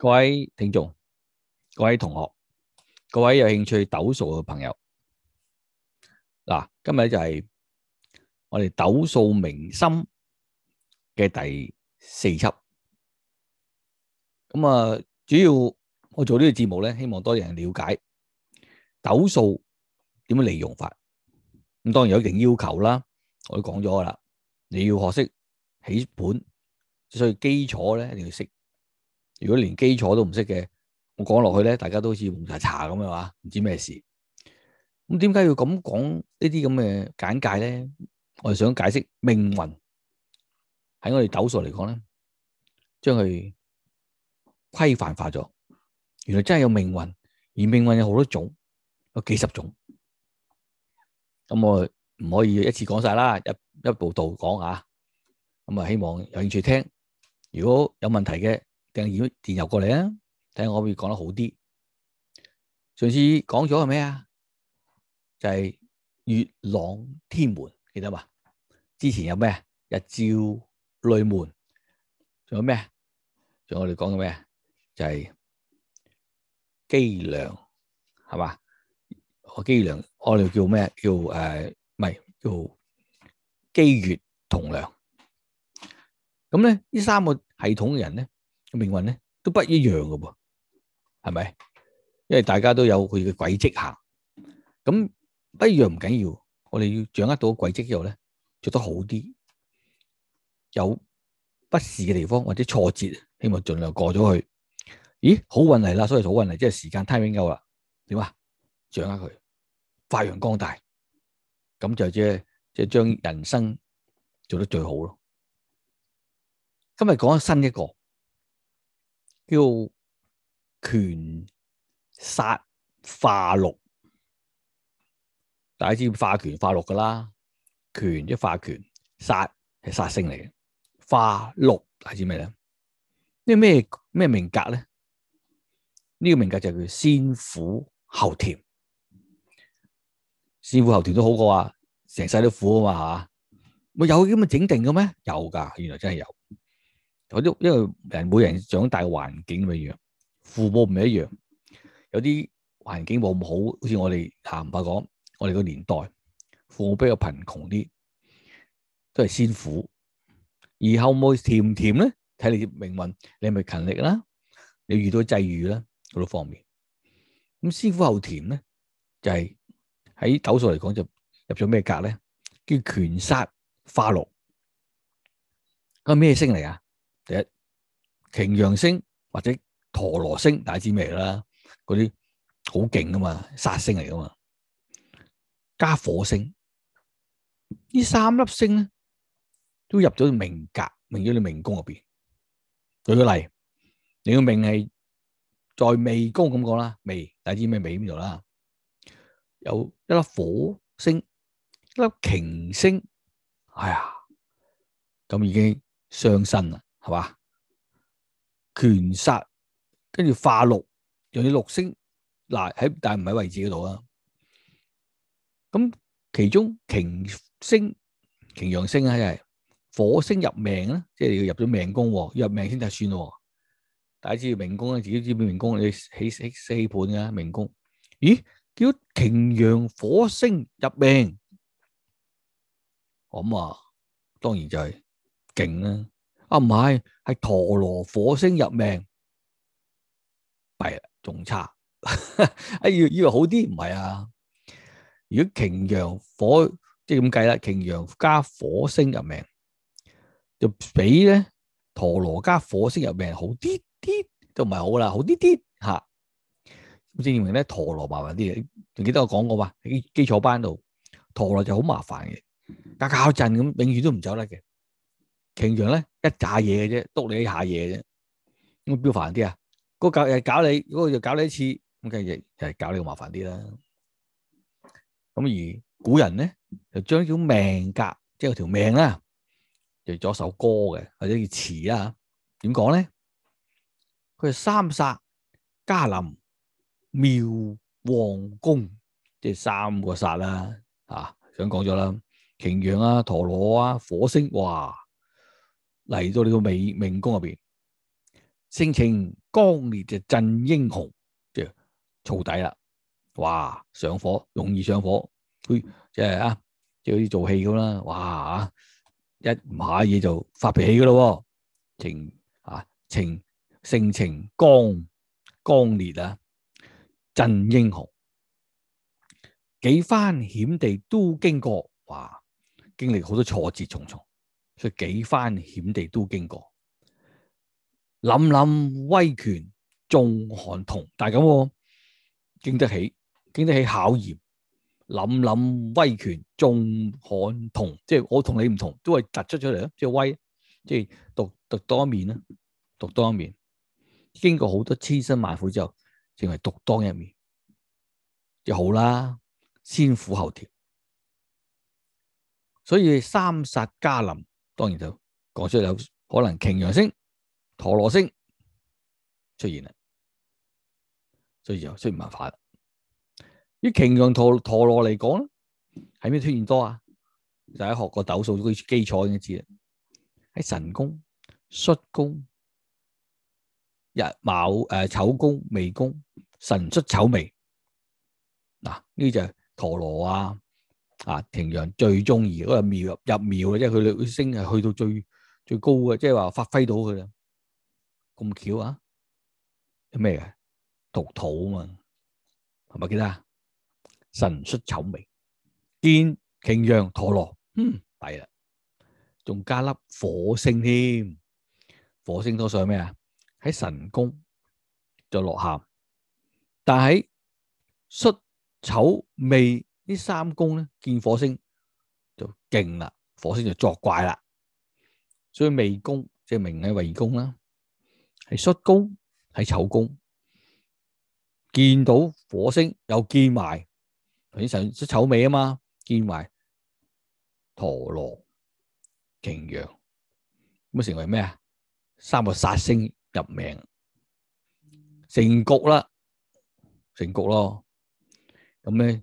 各位聽眾、各位同學、各位有興趣斗數嘅朋友，嗱，今日就係我哋斗數明心嘅第四輯。咁啊，主要我做呢個節目咧，希望多人了解斗數點樣利用法。咁當然有一定要求啦，我都講咗啦，你要學識起盤，所以基礎咧，你要識。如果連基礎都唔識嘅，我講落去咧，大家都好似蒙查查咁嘅話，唔知咩事。咁點解要咁講呢啲咁嘅簡介咧？我哋想解釋命運喺我哋斗數嚟講咧，將佢規範化咗。原來真係有命運，而命運有好多種，有幾十種。咁我唔可以一次講晒啦，一一步道講啊。咁啊，希望有興趣聽。如果有問題嘅，讓電電郵過嚟啊！睇下我會講得好啲。上次講咗係咩啊？就係、是、月朗天門，記得嘛？之前有咩？日照雷門，仲有咩？仲有我哋講嘅咩？就係、是、機梁，係嘛？我機梁，我哋叫咩？叫誒，唔、呃、係叫機月同梁。咁咧，呢三個系統嘅人咧。命運咧都不一樣㗎喎，係咪？因為大家都有佢嘅軌迹行，咁不一樣唔緊要，我哋要掌握到軌迹之後咧，做得好啲，有不時嘅地方或者挫折，希望盡量過咗去。咦，好運嚟啦，所以好運嚟，即係時間 timing 夠啦，點啊？掌握佢，發揚光大，咁就即係即係將人生做得最好咯。今日講緊新一個。叫權煞化祿，大家知化權化祿噶啦，權即化權，殺係殺星嚟嘅，化祿係知咩咧？呢個咩咩名格咧？呢、呢個名格就叫先苦後甜，先苦後甜都好過都啊！成世都苦啊嘛吓，咪有咁嘅整定嘅咩？有噶，原來真係有。因為人每人長大的環境咪一樣，父母唔一樣，有啲環境冇咁好，好似我哋坦白講，我哋個年代父母比較貧窮啲，都係先苦，而後會甜唔甜咧，睇你命運，你係咪勤力啦，你遇到際遇啦，好多方面。咁先苦後甜咧，就係喺斗數嚟講就入咗咩格咧？叫權煞化祿，咁咩星嚟啊？第一，擎羊星或者陀羅星，大家知咩啦？嗰啲好勁噶嘛，煞星嚟噶嘛，加火星，這三星呢三粒星咧都入咗命格，明咗你命宮入面。舉個例，你嘅命係在未宮咁講啦，未大家知咩未喺邊度啦？有一粒火星，一粒擎星，哎呀，咁已經傷身啦。係嘛？權煞跟住化祿，用啲祿星嗱喺，但係唔喺位置嗰度啦。咁其中擎星、擎陽星啊，又係火星入命啦，即係你要入咗命宮，入命先就算咯。大家知唔命宮啊？自己知唔命宮？你起起四盤噶命宮？咦？叫擎陽火星入命，我咁話，當然就係勁啦。啊，唔係，係陀羅火星入命，弊啦，仲差。哎，以為好啲，唔係啊如果擎羊火，即係咁計啦，擎羊加火星入命，就比咧陀羅加火星入命好啲啲，都唔係好啦，好啲啲吓。咁證明咧陀羅麻煩啲嘅，仲記得我講過話喺基礎班度陀羅就好麻煩嘅，格教陣咁，永遠都唔走甩嘅。擎羊咧一揸嘢嘅啫，督你一下嘢啫，咁啊，標煩啲啊，嗰個又搞你，嗰、那個又搞你一次，咁梗係亦係搞你個麻煩啲啦。咁而古人咧就將呢種命格，即係條命啦、啊，嚟咗首歌嘅，或者叫詞啊，點講咧？佢係三煞加臨廟旺宮，即係三個煞啦、啊，啊，想講咗啦，擎羊啊，陀羅啊，火星話。哇！嚟到呢個美命宮入邊，性情剛烈就震英雄，即係燥底啦，哇！上火容易上火，佢即係啊，即係好似做戲咁啦，哇！一買嘢就發脾氣噶咯，情啊情性情剛剛烈啊，震英雄，幾番險地都經過，哇！經歷好多挫折重重。佢幾番險地都經過，凛凛威權眾寒同，但係咁，經得起，經得起考驗。凛凛威權眾寒同，即係我同你唔同，都係突出出嚟咯，即係威，即係獨獨當一面啦，獨當一面。經過好多千辛萬苦之後，淨係獨當一面，就好啦，先苦後甜。所以三殺加林。當然就講出有可能，擎羊星、陀羅星出現啦，所以就出現麻煩啦。以擎羊陀陀羅嚟講，係咩出現多啊？就喺學過斗數基礎已經知啦。喺神宮、戌宮、日卯誒、呃、丑宮、未宮、神出丑未，嗱、啊、呢就係陀羅啊。啊，擎羊最中意嗰個廟入廟啦，即係佢佢星係去到最最高嘅，即係話發揮到佢啦。咁巧啊，咩嘅？獨土啊嘛，係咪記得啊？辰戌丑未，見擎羊陀羅，嗯，抵啦，仲加粒火星添。火星多數係咩啊？喺申宮就落陷，但喺辰戌丑未。呢三宮咧，見火星就勁啦，火星就作怪啦，所以未宮即係命喺未宮啦，係戌宮，係丑宮，見到火星又見埋，你上丑尾啊嘛，見埋陀羅、擎羊，咁啊成為咩啊？三個煞星入命，成局啦，成局咯，咁咧。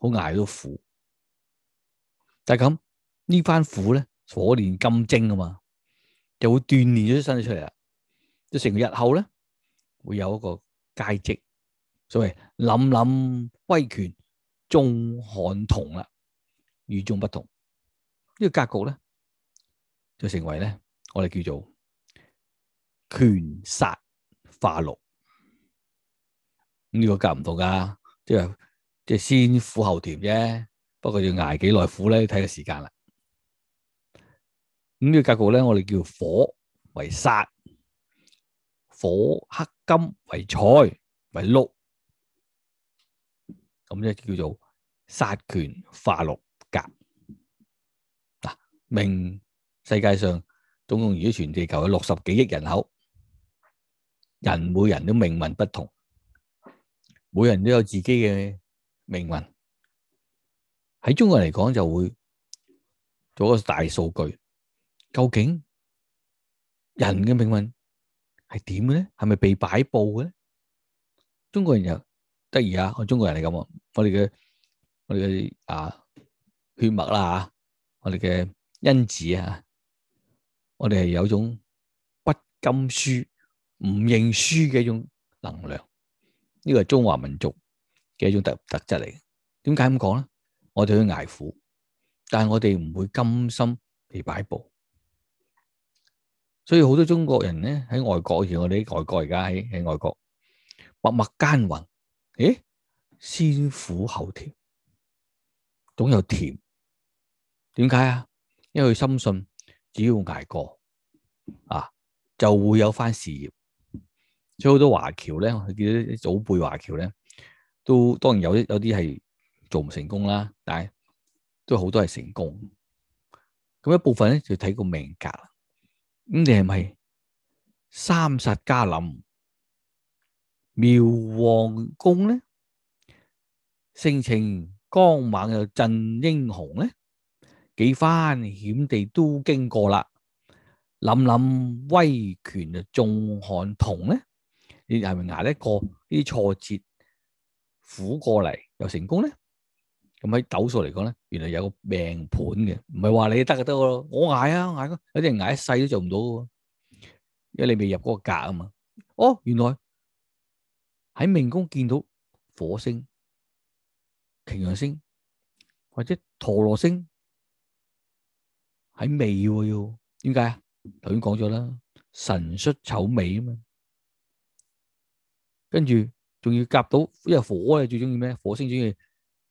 好挨到苦，但係咁呢番苦咧，火煉金精啊嘛，就會鍛煉咗啲身體出嚟啦，就成日後咧會有一個階級，所謂凛凛威權眾罕同啦，與眾不同呢個格局咧就成為咧我哋叫做權殺化祿呢個格唔同噶，即係。即係先苦後甜啫，不過要挨幾耐苦咧，要睇個時間啦。咁呢個格局咧，我哋叫火為煞，火黑金為財為祿，咁咧叫做煞權化祿格。嗱，命世界上總共而家全地球有六十幾億人口，人每人都命運不同，每人都有自己嘅。命運喺中國人嚟講，就會做一個大數據，究竟人嘅命運係點嘅咧？係咪被擺布嘅咧？中國人又得意啊，啊，啊！我中國人嚟講，我哋嘅我哋嘅啊血脈啦吓，我哋嘅因子啊，我哋係有種不甘輸、唔認輸嘅一種能量。呢個係中華民族。嘅一種特特質嚟嘅，點解咁講咧？我哋去挨苦，但係我哋唔會甘心被擺布，所以好多中國人咧喺外國，而我哋外國而家喺喺外國默默耕耘，誒，先苦後甜，總有甜，點解啊？因為佢深信只要挨過啊，就會有返事業，所以好多華僑咧，佢啲祖輩華僑咧。都當然有啲有啲係做唔成功啦，但係都好多係成功。咁一部分咧就睇個命格啦。咁你係咪三殺加臨廟旺宮咧？性情剛猛又震英雄咧？幾番險地都經過啦，林林威權啊，眾漢同咧，你係咪捱得過啲挫折？苦過嚟又成功咧，咁喺斗數嚟講咧，原來有個命盤嘅，唔係話你得就得咯，我挨啊挨，有啲人挨一世都做唔到嘅，因為你未入嗰個格啊嘛。哦，原來喺命宮見到火星、擎羊星或者陀羅星喺未要，點解啊？頭先講咗啦，神出丑尾啊嘛，跟住。仲要夾到，因為火啊最中意咩？火星最中意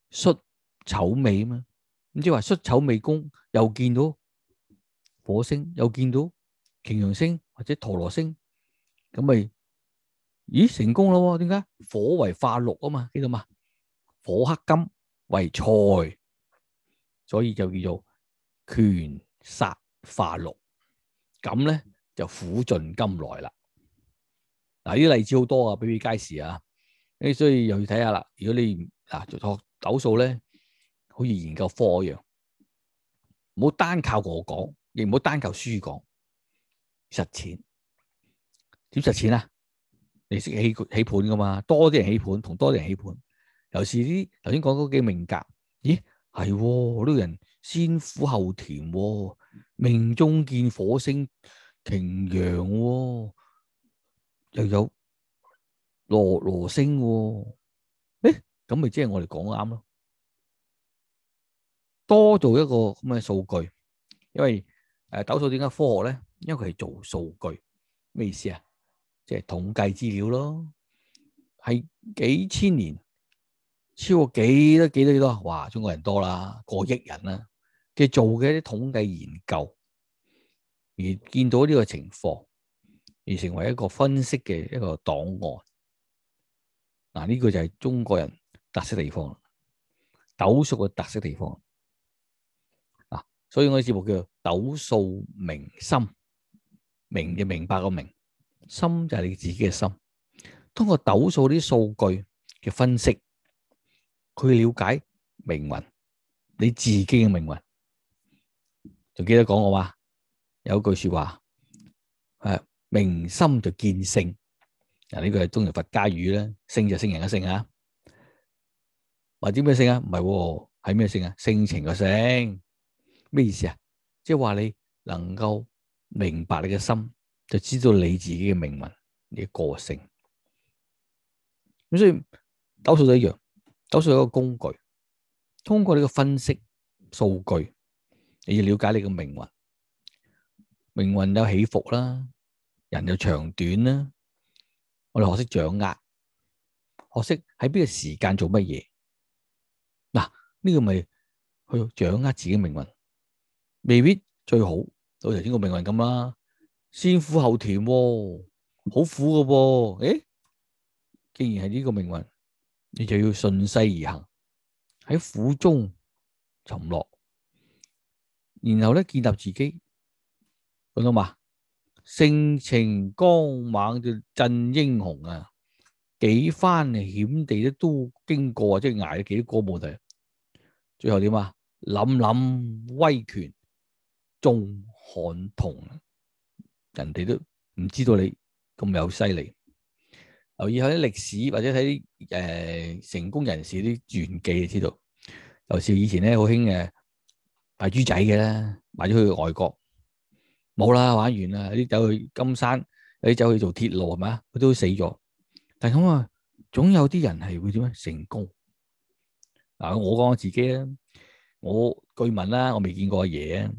戌丑未嘛，咁即係話戌丑未功，又見到火星，又見到擎羊星或者陀螺星，咁咪咦成功啦？點解？火為化祿啊嘛，知道嘛？火克金為財，所以就叫做權煞化祿，咁咧就苦盡甘來啦。嗱，呢啲例子好多啊，比比皆是啊。所以又要睇下啦。如果你嗱學斗數咧，好似研究科一樣，唔好單靠我講，亦唔好單靠書講，實踐點實踐啊？你識起起盤噶嘛？多啲人起盤，同多啲人起盤。尤其是啲頭先講嗰幾命格，咦係喎，呢個人先苦後甜喎，命中見火星、擎羊喎，又有。羅羅星誒，咁咪即係我哋講啱咯。多做一個咁嘅數據，因為誒，斗數點解科學咧？因為佢係做數據，咩意思啊？即係統計資料咯，係幾千年超過幾多幾多幾多？話中國人多啦，過億人啦，嘅做嘅一啲統計研究，而見到呢個情況，而成為一個分析嘅一個檔案。嗱，呢個就係中國人特色地方，斗數嘅特色地方。嗱，所以我嘅節目叫做斗數明心，明就明白個明，心就係你自己嘅心。通過斗數啲數據嘅分析，去了解命運，你自己嘅命運。仲記得講我話，有一句説話，誒，明心就見性。嗱，呢個係中日佛家語啦，性就性人嘅性啊，或者咩性啊？唔係，係咩性啊？性情嘅性，咩意思啊？即係話你能夠明白你嘅心，就知道你自己嘅命運、你嘅個性。咁所以，斗數都一樣，斗數係一個工具，通過你嘅分析數據，你要了解你嘅命運，命運有起伏啦，人有長短啦。我哋學識掌握，學識喺邊個時間做乜嘢？嗱，呢個咪去掌握自己命運，未必最好。好似呢個命運咁啦，先苦後甜，好苦嘅噃。誒，既然係呢個命運，你就要順勢而行，喺苦中沉落，然後咧，建立自己，講到嘛？性情剛猛就震英雄啊！幾番險地都經過、啊、即係挨咗幾多個部隊。最後點啊？諗諗威權，眾漢同，人哋都唔知道你咁有犀利。留意下啲歷史，或者睇誒、呃、成功人士啲傳記，就知道。尤其以前咧好興嘅賣豬仔嘅啦，賣咗去外國。冇啦，玩完啦，有啲走去金山，有啲走去做鐵路係咪？佢都死咗，但係咁啊，總有啲人係會點樣成功嗱，啊，我講我自己啦，我據聞啦，我未見過阿爺啊，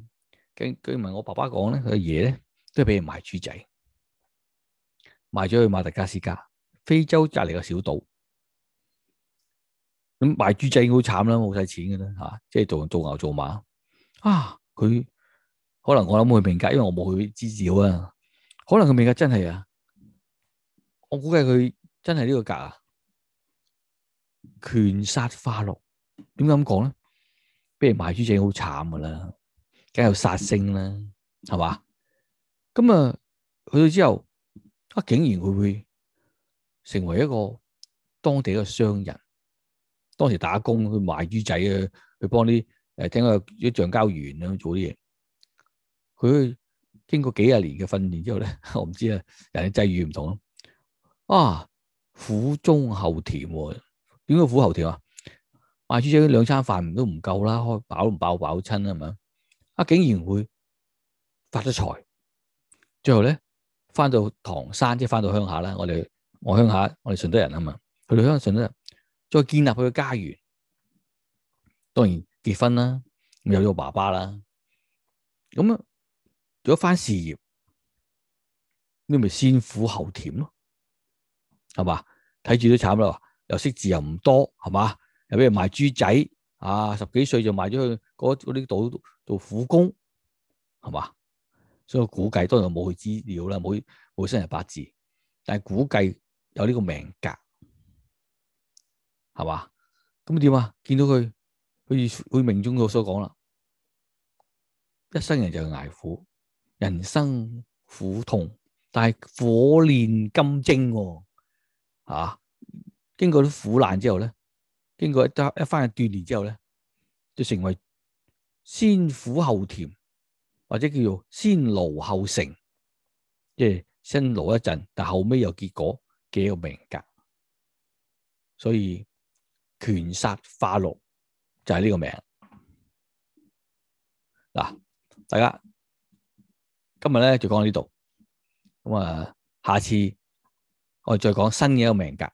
據據聞我爸爸講咧，佢阿爺咧都係俾人賣豬仔，賣咗去馬達加斯加，非洲隔籬嘅小島，咁賣豬仔好慘啦，冇使錢噶啦吓，即係做做牛做馬啊，佢。可能我諗佢明格，因為我冇去資料啊。可能佢明格真係啊，我估計佢真係呢個格啊，權煞化祿，點解咁講咧？比如賣豬仔好慘噶啦，梗有殺星啦，係嘛？咁啊，去到之後啊，竟然佢會，會成為一個當地嘅商人，當時打工去賣豬仔啊，去幫啲誒、呃，聽講啲橡膠園咁做啲嘢。佢經過幾廿年嘅訓練之後咧，我唔知啊，人哋際遇唔同咯、啊。啊，苦中後甜、啊，點解苦後甜啊？賣豬仔兩餐飯都唔夠啦，開飽唔飽飽親係嘛？啊，竟然會發咗財，最後咧翻到唐山，即係翻到鄉下啦。我哋我鄉下，我哋順德人啊嘛，去到鄉下順德，再建立佢嘅家園，當然結婚啦，有咗爸爸啦，咁做一番事業，你咪先苦後甜咯，係嘛？睇住都慘啦，又識字又唔多，係嘛？又畀人賣豬仔，啊，十幾歲就賣咗去嗰嗰啲度做苦工，係嘛？所以我估計當然冇去資料啦，冇去生人八字，但係估計有呢個命格，係嘛？咁點啊？見到佢，佢佢命中佢所講啦，一生人就挨苦。人生苦痛，但係火煉金精喎、哦啊，經過啲苦難之後咧，經過一得一番嘅鍛煉之後咧，就成為先苦後甜，或者叫做先勞後成，即係辛勞一陣，但後尾有結果嘅一個命格。所以權煞化祿就係、是、呢個名嗱、啊，大家。今日咧就講到呢度，咁啊，下次我哋再講新嘅一個命格。